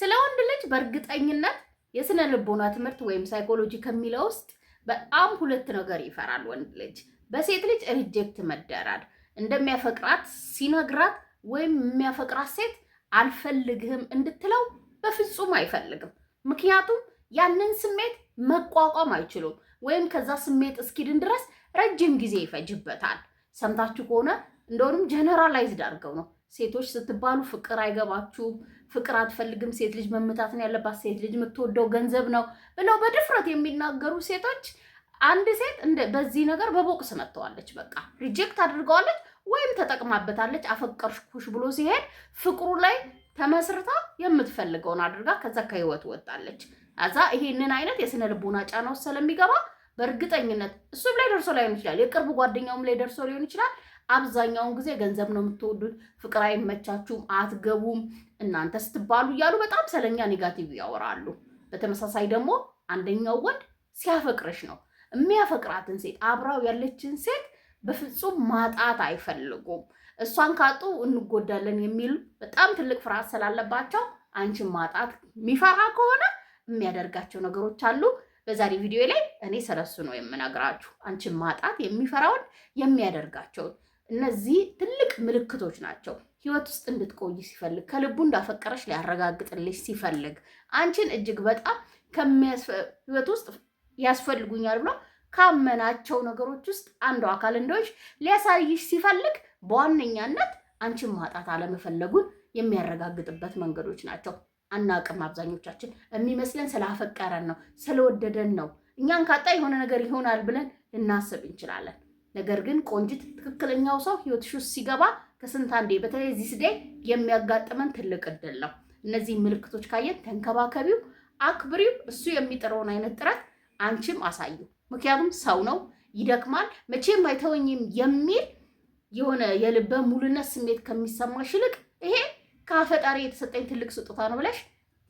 ስለ ወንድ ልጅ በእርግጠኝነት የስነ ልቦና ትምህርት ወይም ሳይኮሎጂ ከሚለው ውስጥ በጣም ሁለት ነገር ይፈራል ወንድ ልጅ። በሴት ልጅ ሪጀክት መደረግ፣ እንደሚያፈቅራት ሲነግራት ወይም የሚያፈቅራት ሴት አልፈልግህም እንድትለው በፍጹም አይፈልግም። ምክንያቱም ያንን ስሜት መቋቋም አይችሉም፣ ወይም ከዛ ስሜት እስኪድን ድረስ ረጅም ጊዜ ይፈጅበታል። ሰምታችሁ ከሆነ እንደሆንም ጀነራላይዝድ አድርገው ነው ሴቶች ስትባሉ ፍቅር አይገባችሁም፣ ፍቅር አትፈልግም፣ ሴት ልጅ መምታት ነው ያለባት፣ ሴት ልጅ የምትወደው ገንዘብ ነው ብለው በድፍረት የሚናገሩ ሴቶች አንድ ሴት በዚህ ነገር በቦቅስ መጥተዋለች። በቃ ሪጀክት አድርገዋለች ወይም ተጠቅማበታለች። አፈቀርኩሽ ብሎ ሲሄድ ፍቅሩ ላይ ተመስርታ የምትፈልገውን አድርጋ ከዛ ከህይወት ወጣለች። ከዛ ይሄንን አይነት የስነ ልቦና ጫና ውስጥ ስለሚገባ በእርግጠኝነት እሱም ላይ ደርሶ ላይሆን ይችላል፣ የቅርብ ጓደኛውም ላይ ደርሶ ሊሆን ይችላል አብዛኛውን ጊዜ ገንዘብ ነው የምትወዱት፣ ፍቅር አይመቻችሁም፣ አትገቡም እናንተ ስትባሉ እያሉ በጣም ስለኛ ኔጋቲቭ ያወራሉ። በተመሳሳይ ደግሞ አንደኛው ወንድ ሲያፈቅርሽ ነው የሚያፈቅራትን ሴት አብራው ያለችን ሴት በፍጹም ማጣት አይፈልጉም። እሷን ካጡ እንጎዳለን የሚል በጣም ትልቅ ፍርሃት ስላለባቸው አንቺን ማጣት የሚፈራ ከሆነ የሚያደርጋቸው ነገሮች አሉ። በዛሬ ቪዲዮ ላይ እኔ ስለሱ ነው የምነግራችሁ፣ አንቺን ማጣት የሚፈራውን የሚያደርጋቸውን። እነዚህ ትልቅ ምልክቶች ናቸው። ህይወት ውስጥ እንድትቆይ ሲፈልግ ከልቡ እንዳፈቀረች ሊያረጋግጥልሽ ሲፈልግ አንቺን እጅግ በጣም ህይወት ውስጥ ያስፈልጉኛል ብሎ ካመናቸው ነገሮች ውስጥ አንዱ አካል እንደሆንሽ ሊያሳይሽ ሲፈልግ በዋነኛነት አንቺን ማጣት አለመፈለጉን የሚያረጋግጥበት መንገዶች ናቸው። አናቅም። አብዛኞቻችን የሚመስለን ስላፈቀረን ነው፣ ስለወደደን ነው። እኛን ካጣ የሆነ ነገር ይሆናል ብለን ልናስብ እንችላለን። ነገር ግን ቆንጅት ትክክለኛው ሰው ህይወትሽ ውስጥ ሲገባ ከስንት አንዴ በተለይ ዚስ ዴይ የሚያጋጥመን ትልቅ እድል ነው። እነዚህ ምልክቶች ካየን ተንከባከቢው፣ አክብሪው። እሱ የሚጥረውን አይነት ጥረት አንቺም አሳዩ። ምክንያቱም ሰው ነው፣ ይደክማል፣ መቼም አይተወኝም የሚል የሆነ የልበ ሙሉነት ስሜት ከሚሰማሽ ይልቅ ይሄ ከፈጣሪ የተሰጠኝ ትልቅ ስጦታ ነው ብለሽ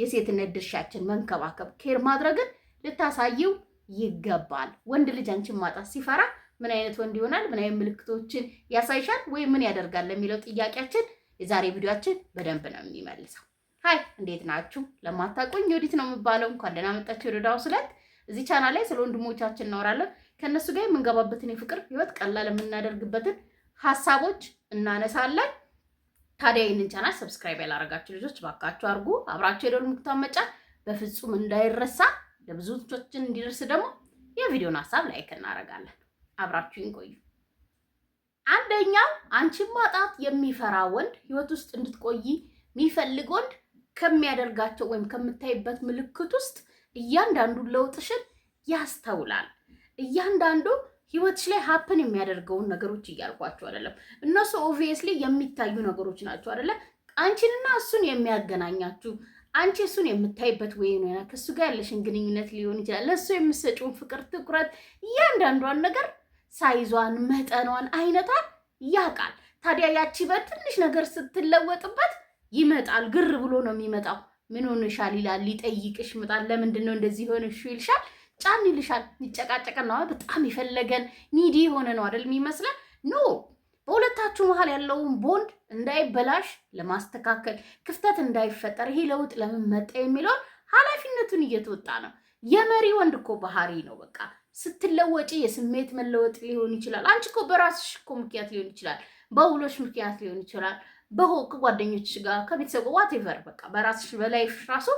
የሴትነት ድርሻችን መንከባከብ፣ ኬር ማድረግን ልታሳየው ይገባል። ወንድ ልጅ አንቺን ማጣት ሲፈራ ምን አይነት ወንድ ይሆናል? ምን አይነት ምልክቶችን ያሳይሻል? ወይም ምን ያደርጋል ለሚለው ጥያቄያችን የዛሬ ቪዲዮአችን በደንብ ነው የሚመልሰው። ሀይ እንዴት ናችሁ? ለማታውቁኝ ዮዲት ነው የምባለው። እንኳን ደህና መጣችሁ ወደ ስለት። እዚህ ቻናል ላይ ስለ ወንድሞቻችን እናወራለን። ከእነሱ ጋር የምንገባበትን የፍቅር ህይወት ቀላል የምናደርግበትን ሀሳቦች እናነሳለን። ታዲያ ይህንን ቻናል ሰብስክራይብ ያላረጋችሁ ልጆች ባካችሁ አርጉ። አብራችሁ የደሉ ምልክቱን መጫን በፍጹም እንዳይረሳ፣ ለብዙዎቻችን እንዲደርስ ደግሞ የቪዲዮን ሀሳብ ላይክ እናደርጋለን። አብራችሁ ቆዩ። አንደኛ አንቺን ማጣት የሚፈራ ወንድ ህይወት ውስጥ እንድትቆይ የሚፈልግ ወንድ ከሚያደርጋቸው ወይም ከምታይበት ምልክት ውስጥ እያንዳንዱ ለውጥሽን ያስተውላል። እያንዳንዱ ህይወትሽ ላይ ሀፕን የሚያደርገውን ነገሮች እያልኳቸው አይደለም። እነሱ ኦብቪየስሊ የሚታዩ ነገሮች ናቸው አይደለ? አንቺንና እሱን የሚያገናኛችሁ አንቺ እሱን የምታይበት ወይ ከእሱ ጋር ያለሽን ግንኙነት ሊሆን ይችላል። ለእሱ የምትሰጪውን ፍቅር፣ ትኩረት፣ እያንዳንዷን ነገር ሳይዟን፣ መጠኗን፣ አይነቷን ያውቃል። ታዲያ ያቺ ትንሽ ነገር ስትለወጥበት ይመጣል። ግር ብሎ ነው የሚመጣው። ምን ሆንሻል ይላል፣ ሊጠይቅሽ ይመጣል። ለምንድን ነው እንደዚህ ሆንሽ ይልሻል። ጫን ይልሻል። ይጨቃጨቀን ነው በጣም የፈለገን ኒዲ የሆነ ነው አይደል የሚመስለን ኖ በሁለታችሁ መሀል ያለውን ቦንድ እንዳይበላሽ ለማስተካከል ክፍተት እንዳይፈጠር ይሄ ለውጥ ለምን መጣ የሚለውን ኃላፊነቱን እየተወጣ ነው። የመሪ ወንድ እኮ ባህሪ ነው በቃ ስትለወጪ የስሜት መለወጥ ሊሆን ይችላል። አንቺ እኮ በራስሽ እኮ ምክንያት ሊሆን ይችላል፣ በውሎሽ ምክንያት ሊሆን ይችላል፣ በሆ ከጓደኞች ጋር ከቤተሰብ ዋቴቨር በቃ በራስሽ በላይሽ ራሱ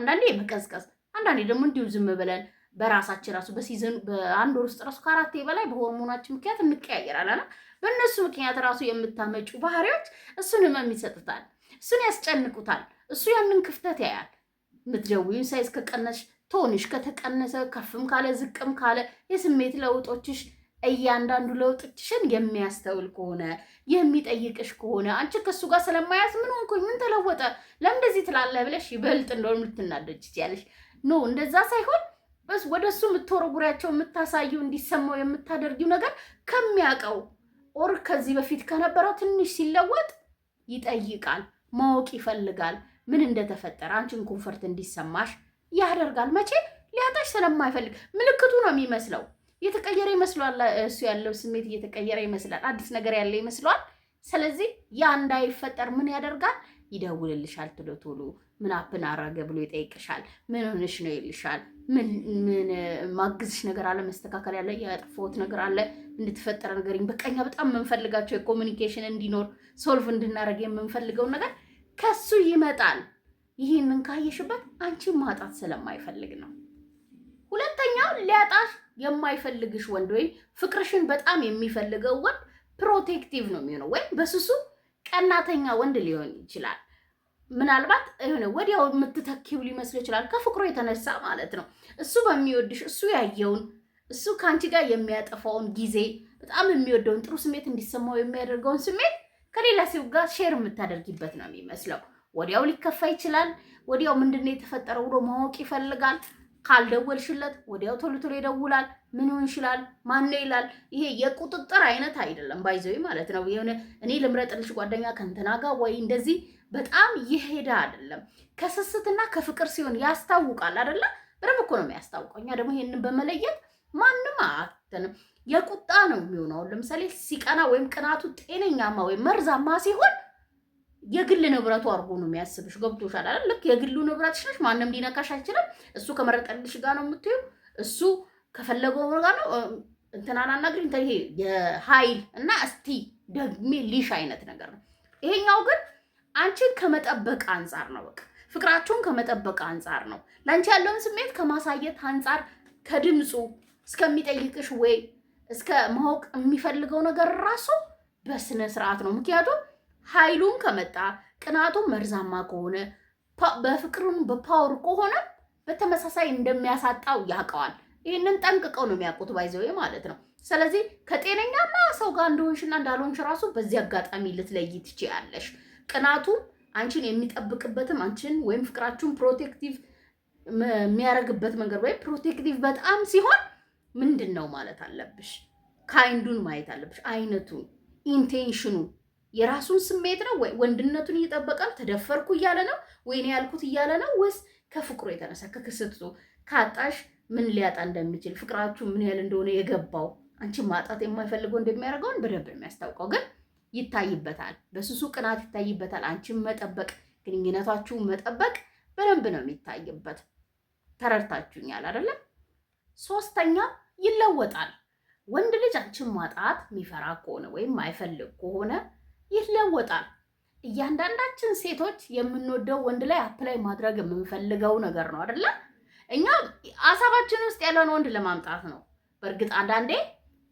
አንዳንዴ የመቀዝቀዝ አንዳንዴ ደግሞ እንዲሁ ዝም ብለን በራሳችን ራሱ በሲዘኑ በአንድ ወር ውስጥ ራሱ ከአራቴ በላይ በሆርሞናችን ምክንያት እንቀያየራለና በእነሱ ምክንያት ራሱ የምታመጩ ባህሪዎች እሱን ህመም ይሰጡታል፣ እሱን ያስጨንቁታል፣ እሱ ያንን ክፍተት ያያል። የምትደውዩን ሳይዝ ከቀነሽ ቶንሽ ከተቀነሰ ከፍም ካለ ዝቅም ካለ የስሜት ለውጦችሽ እያንዳንዱ ለውጦችሽን የሚያስተውል ከሆነ የሚጠይቅሽ ከሆነ አንቺ ከሱ ጋር ስለማያዝ ምን ሆንኩኝ፣ ምን ተለወጠ፣ ለምንደዚህ ትላለህ ብለሽ ይበልጥ እንደሆነ ልትናደጅ ትችያለሽ። ኖ እንደዛ ሳይሆን በስ ወደ እሱ የምትወረጉሪያቸው የምታሳዩ እንዲሰማው የምታደርጊው ነገር ከሚያውቀው ኦር ከዚህ በፊት ከነበረው ትንሽ ሲለወጥ ይጠይቃል፣ ማወቅ ይፈልጋል ምን እንደተፈጠረ አንቺን ኮንፈርት እንዲሰማሽ ያደርጋል። መቼ ሊያጣሽ ስለማይፈልግ ምልክቱ ነው የሚመስለው። እየተቀየረ ይመስለዋል። እሱ ያለው ስሜት እየተቀየረ ይመስላል። አዲስ ነገር ያለ ይመስለዋል። ስለዚህ ያ እንዳይፈጠር ምን ያደርጋል? ይደውልልሻል። ቶሎ ቶሎ ምን አፕን አረገ ብሎ ይጠይቅሻል። ምን ሆነሽ ነው ይልሻል። ምን ማግዝሽ ነገር አለ፣ መስተካከል ያለ ያጠፋሁት ነገር አለ፣ እንድትፈጠረ ነገር በቀኛ በጣም የምንፈልጋቸው የኮሚኒኬሽን እንዲኖር ሶልቭ እንድናደርግ የምንፈልገውን ነገር ከሱ ይመጣል። ይህንን ካየሽበት አንቺ ማጣት ስለማይፈልግ ነው። ሁለተኛው ሊያጣሽ የማይፈልግሽ ወንድ ወይም ፍቅርሽን በጣም የሚፈልገው ወንድ ፕሮቴክቲቭ ነው የሚሆነው፣ ወይም በስሱ ቀናተኛ ወንድ ሊሆን ይችላል። ምናልባት የሆነ ወዲያው የምትተኪው ሊመስል ይችላል፣ ከፍቅሩ የተነሳ ማለት ነው። እሱ በሚወድሽ እሱ ያየውን እሱ ከአንቺ ጋር የሚያጠፋውን ጊዜ በጣም የሚወደውን ጥሩ ስሜት እንዲሰማው የሚያደርገውን ስሜት ከሌላ ሴው ጋር ሼር የምታደርጊበት ነው የሚመስለው። ወዲያው ሊከፋ ይችላል። ወዲያው ምንድነው የተፈጠረው ብሎ ማወቅ ይፈልጋል። ካልደወልሽለት ወዲያው ቶሎ ቶሎ ይደውላል። ምን ሆን ይችላል ማን ነው ይላል። ይሄ የቁጥጥር አይነት አይደለም ባይዘዊ ማለት ነው። የሆነ እኔ ልምረጥልሽ ጓደኛ ከእንትና ጋር ወይ እንደዚህ በጣም ይሄዳ አይደለም። ከስስትና ከፍቅር ሲሆን ያስታውቃል አይደለ? በደንብ እኮ ነው የሚያስታውቀው። እኛ ደግሞ ይሄንን በመለየት ማንም አትንም የቁጣ ነው የሚሆነው። ለምሳሌ ሲቀና ወይም ቅናቱ ጤነኛማ ወይም መርዛማ ሲሆን የግል ንብረቱ አድርጎ ነው የሚያስብሽ። ገብቶሻል አይደል? ልክ የግሉ ንብረትሽ ነሽ። ማንም ሊነካሽ አይችልም። እሱ ከመረጠልሽ ጋር ነው የምትይው። እሱ ከፈለገው ጋር ነው እንትናን አናግሪኝ እንትን ይሄ የኃይል እና እስቲ ደግሜ ሊሽ አይነት ነገር ነው። ይሄኛው ግን አንቺን ከመጠበቅ አንጻር ነው። በቃ ፍቅራችሁን ከመጠበቅ አንጻር ነው። ለአንቺ ያለውን ስሜት ከማሳየት አንጻር ከድምፁ እስከሚጠይቅሽ ወይ እስከ ማወቅ የሚፈልገው ነገር ራሱ በስነ ስርዓት ነው ምክንያቱም ኃይሉም ከመጣ ቅናቱም መርዛማ ከሆነ በፍቅሩም በፓወር ከሆነ በተመሳሳይ እንደሚያሳጣው ያውቀዋል። ይህንን ጠንቅቀው ነው የሚያውቁት ባይዘዌ ማለት ነው። ስለዚህ ከጤነኛማ ሰው ጋር እንደሆንሽና እንዳልሆንሽ ራሱ በዚህ አጋጣሚ ልትለይ ትችያለሽ። ቅናቱም አንቺን የሚጠብቅበትም አንቺን ወይም ፍቅራችሁን ፕሮቴክቲቭ የሚያደርግበት መንገድ ወይም ፕሮቴክቲቭ በጣም ሲሆን ምንድን ነው ማለት አለብሽ። ካይንዱን ማየት አለብሽ። አይነቱን ኢንቴንሽኑን የራሱን ስሜት ነው ወይ ወንድነቱን እየጠበቀ ተደፈርኩ እያለ ነው ወይኔ ያልኩት እያለ ነው ወይስ ከፍቅሩ የተነሳ ከክስቱ ካጣሽ ምን ሊያጣ እንደሚችል ፍቅራችሁ ምን ያህል እንደሆነ የገባው አንቺ ማጣት የማይፈልገው እንደሚያደርገውን በደንብ የሚያስታውቀው ግን ይታይበታል። በሱሱ ቅናት ይታይበታል። አንቺን መጠበቅ፣ ግንኙነታችሁ መጠበቅ በደንብ ነው የሚታይበት። ተረድታችሁኛል አይደለም? ሶስተኛ ይለወጣል። ወንድ ልጅ አንቺን ማጣት የሚፈራ ከሆነ ወይም ማይፈልግ ከሆነ ይለወጣል። እያንዳንዳችን ሴቶች የምንወደው ወንድ ላይ አፕላይ ማድረግ የምንፈልገው ነገር ነው አይደለ? እኛ አሳባችን ውስጥ ያለውን ወንድ ለማምጣት ነው። በእርግጥ አንዳንዴ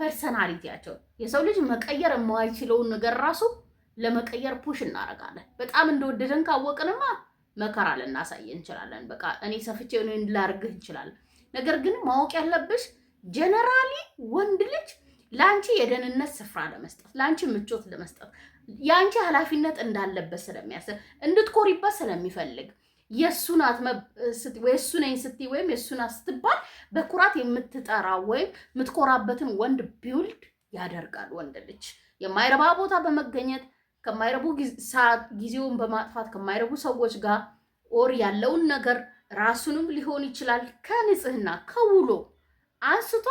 ፐርሰናሊቲያቸው የሰው ልጅ መቀየር የማይችለውን ነገር ራሱ ለመቀየር ፑሽ እናደርጋለን። በጣም እንደወደደን ካወቅንማ መከራ ልናሳይ እንችላለን። በቃ እኔ ሰፍቼ ላርግህ እንችላለን። ነገር ግን ማወቅ ያለብሽ ጀነራሊ ወንድ ልጅ ለአንቺ የደህንነት ስፍራ ለመስጠት፣ ለአንቺ ምቾት ለመስጠት የአንቺ ኃላፊነት እንዳለበት ስለሚያስብ እንድትኮሪበት ስለሚፈልግ የእሱ ናት የእሱ ነኝ ስትይ ወይም የእሱ ናት ስትባል በኩራት የምትጠራ ወይም የምትኮራበትን ወንድ ቢውልድ ያደርጋል። ወንድ ልጅ የማይረባ ቦታ በመገኘት ከማይረቡ ሰዓት ጊዜውን በማጥፋት ከማይረቡ ሰዎች ጋር ኦር ያለውን ነገር ራሱንም ሊሆን ይችላል ከንጽህና ከውሎ አንስቶ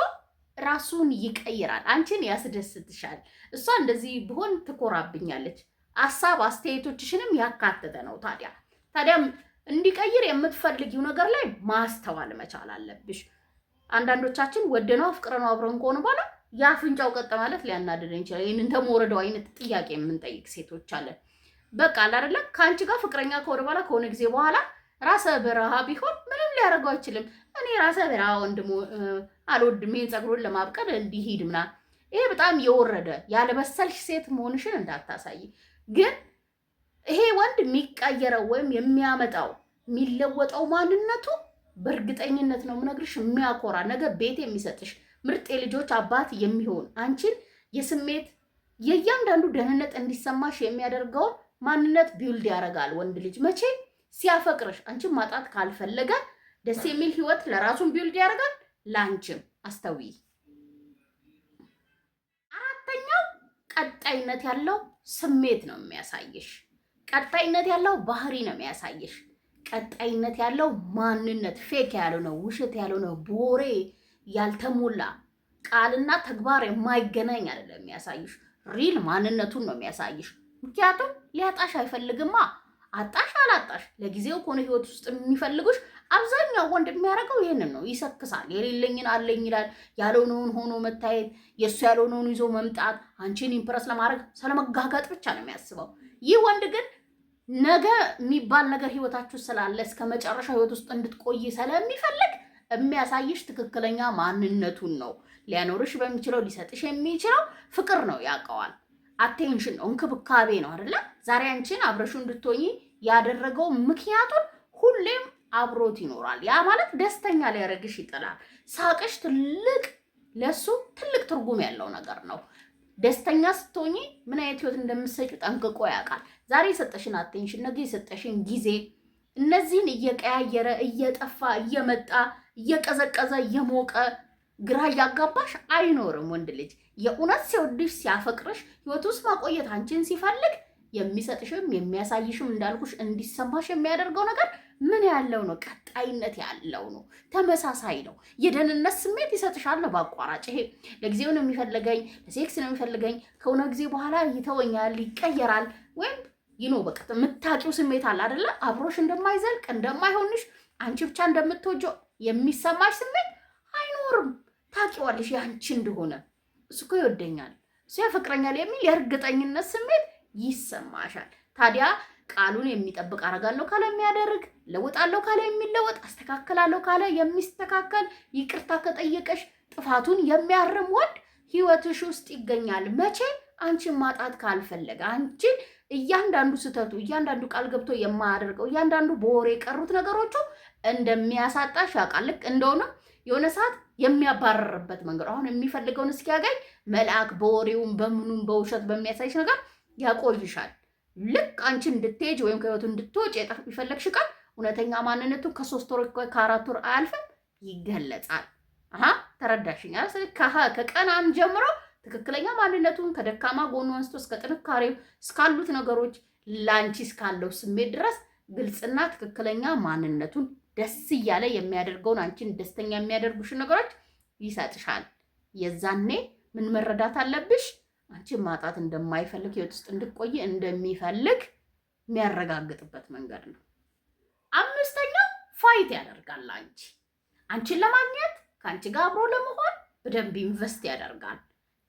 ራሱን ይቀይራል። አንቺን ያስደስትሻል። እሷ እንደዚህ ብሆን ትኮራብኛለች። አሳብ አስተያየቶችሽንም ያካተተ ነው። ታዲያ ታዲያም እንዲቀይር የምትፈልጊው ነገር ላይ ማስተዋል መቻል አለብሽ። አንዳንዶቻችን ወደነው አፍቅረነው አብረን ከሆነ በኋላ የአፍንጫው ቀጥ ማለት ሊያናደደን ይችላል። ይህንን ተመወረደው አይነት ጥያቄ የምንጠይቅ ሴቶች አለን። በቃ አላደለ ከአንቺ ጋር ፍቅረኛ ከሆነ በኋላ ከሆነ ጊዜ በኋላ ራሰ በረሃ ቢሆን ምንም ሊያደርገው አይችልም። እኔ ራሰ በረሃ ወንድሞ አልወድም ይሄን ፀጉሩን ለማብቀል እንዲሄድ ምና ይሄ በጣም የወረደ ያለበሰልሽ ሴት መሆንሽን እንዳታሳይ። ግን ይሄ ወንድ የሚቀየረው ወይም የሚያመጣው የሚለወጠው ማንነቱ በእርግጠኝነት ነው የምነግርሽ፣ የሚያኮራ ነገ ቤት የሚሰጥሽ ምርጥ የልጆች አባት የሚሆን አንቺን የስሜት የእያንዳንዱ ደህንነት እንዲሰማሽ የሚያደርገውን ማንነት ቢውልድ ያደርጋል። ወንድ ልጅ መቼ ሲያፈቅርሽ አንቺን ማጣት ካልፈለገ ደስ የሚል ህይወት ለራሱን ቢውልድ ያደርጋል ላንችም አስተዊ አራተኛው ቀጣይነት ያለው ስሜት ነው የሚያሳይሽ። ቀጣይነት ያለው ባህሪ ነው የሚያሳይሽ። ቀጣይነት ያለው ማንነት ፌክ ያልሆነ ውሸት ያልሆነ ቦሬ ያልተሞላ ቃልና ተግባር የማይገናኝ አይደለም የሚያሳይሽ። ሪል ማንነቱን ነው የሚያሳይሽ። ምክንያቱም ሊያጣሽ አይፈልግማ። አጣሽ አላጣሽ ለጊዜው ከሆነ ህይወት ውስጥ የሚፈልጉሽ አብዛኛው ወንድ የሚያደርገው ይህንን ነው። ይሰክሳል፣ የሌለኝን አለኝ ይላል። ያልሆነውን ሆኖ መታየት፣ የእሱ ያልሆነውን ይዞ መምጣት፣ አንቺን ኢምፕረስ ለማድረግ ስለመጋጋጥ ብቻ ነው የሚያስበው። ይህ ወንድ ግን ነገ የሚባል ነገር ህይወታችሁ ስላለ እስከ መጨረሻ ህይወት ውስጥ እንድትቆይ ስለሚፈልግ የሚያሳይሽ ትክክለኛ ማንነቱን ነው። ሊያኖርሽ በሚችለው ሊሰጥሽ የሚችለው ፍቅር ነው። ያውቀዋል። አቴንሽን ነው፣ እንክብካቤ ነው አይደለ? ዛሬ አንቺን አብረሹ እንድትሆኚ ያደረገው ምክንያቱን ሁሌም አብሮት ይኖራል። ያ ማለት ደስተኛ ሊያደርግሽ ይጥላል። ሳቅሽ ትልቅ ለሱ ትልቅ ትርጉም ያለው ነገር ነው። ደስተኛ ስትሆኚ ምን አይነት ህይወት እንደምትሰጪው ጠንቅቆ ያውቃል። ዛሬ የሰጠሽን አቴንሽን፣ ነገ የሰጠሽን ጊዜ እነዚህን እየቀያየረ እየጠፋ እየመጣ እየቀዘቀዘ እየሞቀ ግራ እያጋባሽ አይኖርም። ወንድ ልጅ የእውነት ሲወድሽ ሲያፈቅርሽ ህይወት ውስጥ ማቆየት አንቺን ሲፈልግ የሚሰጥሽም የሚያሳይሽም እንዳልኩሽ እንዲሰማሽ የሚያደርገው ነገር ምን ያለው ነው? ቀጣይነት ያለው ነው። ተመሳሳይ ነው። የደህንነት ስሜት ይሰጥሻል ነው። በአቋራጭ ይሄ ለጊዜው ነው የሚፈልገኝ፣ ለሴክስ ነው የሚፈልገኝ፣ ከሆነ ጊዜ በኋላ ይተወኛል፣ ይቀየራል ወይም ይኖ በቃ የምታውቂው ስሜት አለ አደለ? አብሮሽ እንደማይዘልቅ እንደማይሆንሽ፣ አንቺ ብቻ እንደምትወጂው የሚሰማሽ ስሜት አይኖርም። ታውቂዋለሽ የአንቺ እንደሆነ። እሱ እኮ ይወደኛል፣ እሱ ያፈቅረኛል የሚል የእርግጠኝነት ስሜት ይሰማሻል። ታዲያ ቃሉን የሚጠብቅ አረጋለሁ ካለ የሚያደርግ፣ ለውጣለሁ ካለ የሚለወጥ፣ አስተካከላለሁ ካለ የሚስተካከል፣ ይቅርታ ከጠየቀሽ ጥፋቱን የሚያርም ወንድ ህይወትሽ ውስጥ ይገኛል። መቼ አንቺን ማጣት ካልፈለገ አንቺን እያንዳንዱ ስህተቱ፣ እያንዳንዱ ቃል ገብቶ የማያደርገው፣ እያንዳንዱ በወሬ የቀሩት ነገሮቹ እንደሚያሳጣሽ ያውቃል። ልክ እንደሆነ የሆነ ሰዓት የሚያባረርበት መንገድ አሁን የሚፈልገውን እስኪያገኝ መልአክ በወሬውም በምኑም በውሸት በሚያሳይሽ ነገር ያቆይሻል። ልክ አንቺ እንድትሄጅ ወይም ከህይወቱ እንድትወጭ የፈለግሽ ቃል እውነተኛ ማንነቱን ከሶስት ወር ከአራት ወር አያልፍም ይገለጻል። አሀ ተረዳሽኛ? ከቀን አንድ ጀምሮ ትክክለኛ ማንነቱን ከደካማ ጎኑ አንስቶ እስከ ጥንካሬው እስካሉት ነገሮች ለአንቺ እስካለው ስሜት ድረስ ግልጽና ትክክለኛ ማንነቱን ደስ እያለ የሚያደርገውን አንቺን ደስተኛ የሚያደርጉሽን ነገሮች ይሰጥሻል። የዛኔ ምን መረዳት አለብሽ? አንቺ ማጣት እንደማይፈልግ ህይወት ውስጥ እንድቆይ እንደሚፈልግ የሚያረጋግጥበት መንገድ ነው። አምስተኛው ፋይት ያደርጋል። አንቺ አንቺን ለማግኘት ከአንቺ ጋር አብሮ ለመሆን በደንብ ኢንቨስት ያደርጋል።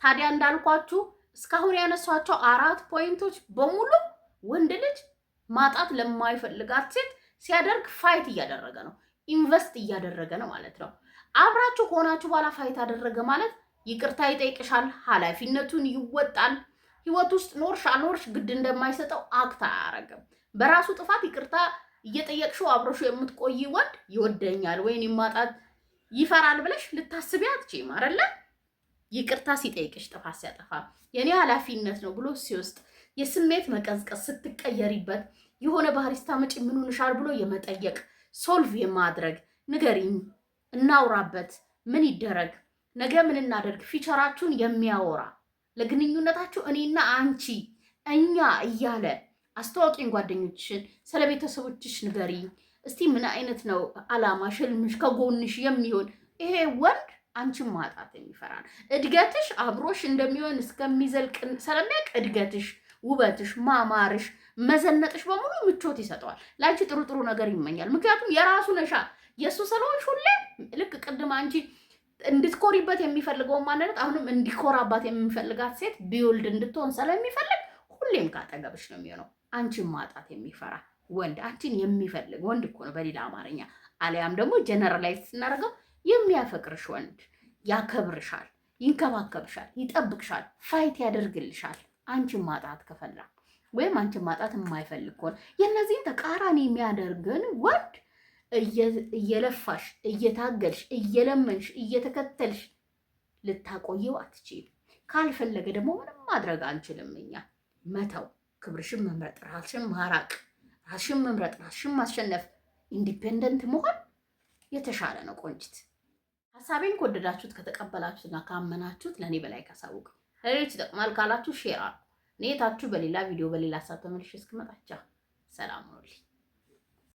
ታዲያ እንዳልኳችሁ እስካሁን ያነሷቸው አራት ፖይንቶች በሙሉ ወንድ ልጅ ማጣት ለማይፈልጋት ሴት ሲያደርግ ፋይት እያደረገ ነው፣ ኢንቨስት እያደረገ ነው ማለት ነው። አብራችሁ ከሆናችሁ በኋላ ፋይት አደረገ ማለት ይቅርታ ይጠይቅሻል፣ ኃላፊነቱን ይወጣል። ህይወት ውስጥ ኖርሽ አልኖርሽ ግድ እንደማይሰጠው አክት አያረግም። በራሱ ጥፋት ይቅርታ እየጠየቅሽው አብረሹ የምትቆይ ወንድ ይወደኛል ወይን ማጣት ይፈራል ብለሽ ልታስቢ አትችይም አይደለ? ይቅርታ ሲጠይቅሽ ጥፋት ሲያጠፋ የኔ ኃላፊነት ነው ብሎ ሲወስጥ የስሜት መቀዝቀዝ ስትቀየሪበት የሆነ ባህሪስታ መጪ ምን ሆንሻል ብሎ የመጠየቅ ሶልቭ የማድረግ ንገሪኝ፣ እናውራበት፣ ምን ይደረግ ነገ ምን እናደርግ ፊቸራችሁን የሚያወራ ለግንኙነታችሁ እኔና አንቺ እኛ እያለ አስተዋቂን ጓደኞችሽን ስለ ቤተሰቦችሽ ንገሪ እስቲ ምን አይነት ነው አላማ ሽልምሽ ከጎንሽ የሚሆን ይሄ ወንድ አንቺን ማጣት የሚፈራ ነው። እድገትሽ አብሮሽ እንደሚሆን እስከሚዘልቅ ስለሚያውቅ እድገትሽ፣ ውበትሽ፣ ማማርሽ፣ መዘነጥሽ በሙሉ ምቾት ይሰጠዋል። ለአንቺ ጥሩ ጥሩ ነገር ይመኛል። ምክንያቱም የራሱ ነሻ የእሱ ስለሆንሽ ሁሌ ልክ ቅድም አንቺ እንድትኮሪበት የሚፈልገውን ማንነት አሁንም እንዲኮራባት የሚፈልጋት ሴት ቢውልድ እንድትሆን ስለሚፈልግ ሁሌም ካጠገብሽ ነው የሚሆነው። አንቺን ማጣት የሚፈራ ወንድ፣ አንቺን የሚፈልግ ወንድ እኮ ነው በሌላ አማርኛ። አሊያም ደግሞ ጀነራላይዝ ስናደርገው የሚያፈቅርሽ ወንድ ያከብርሻል፣ ይንከባከብሻል፣ ይጠብቅሻል፣ ፋይት ያደርግልሻል። አንቺን ማጣት ከፈላ ወይም አንቺን ማጣት የማይፈልግ ከሆነ የእነዚህን ተቃራኒ የሚያደርግን ወንድ እየለፋሽ እየታገልሽ እየለመንሽ እየተከተልሽ ልታቆየው አትችይም። ካልፈለገ ደግሞ ምንም ማድረግ አንችልም። እኛ መተው፣ ክብርሽን መምረጥ፣ ራስሽን ማራቅ፣ ራስሽን መምረጥ፣ ራስሽን ማሸነፍ፣ ኢንዲፔንደንት መሆን የተሻለ ነው። ቆንጅት ሀሳቤን ከወደዳችሁት ከተቀበላችሁትና ካመናችሁት ለእኔ በላይ ካሳውቅ ለሌሎች ይጠቅማል ካላችሁ ሼር አሉ። ኔታችሁ በሌላ ቪዲዮ በሌላ ሀሳብ ተመልሼ እስክመጣቻ ሰላም ሆኖልኝ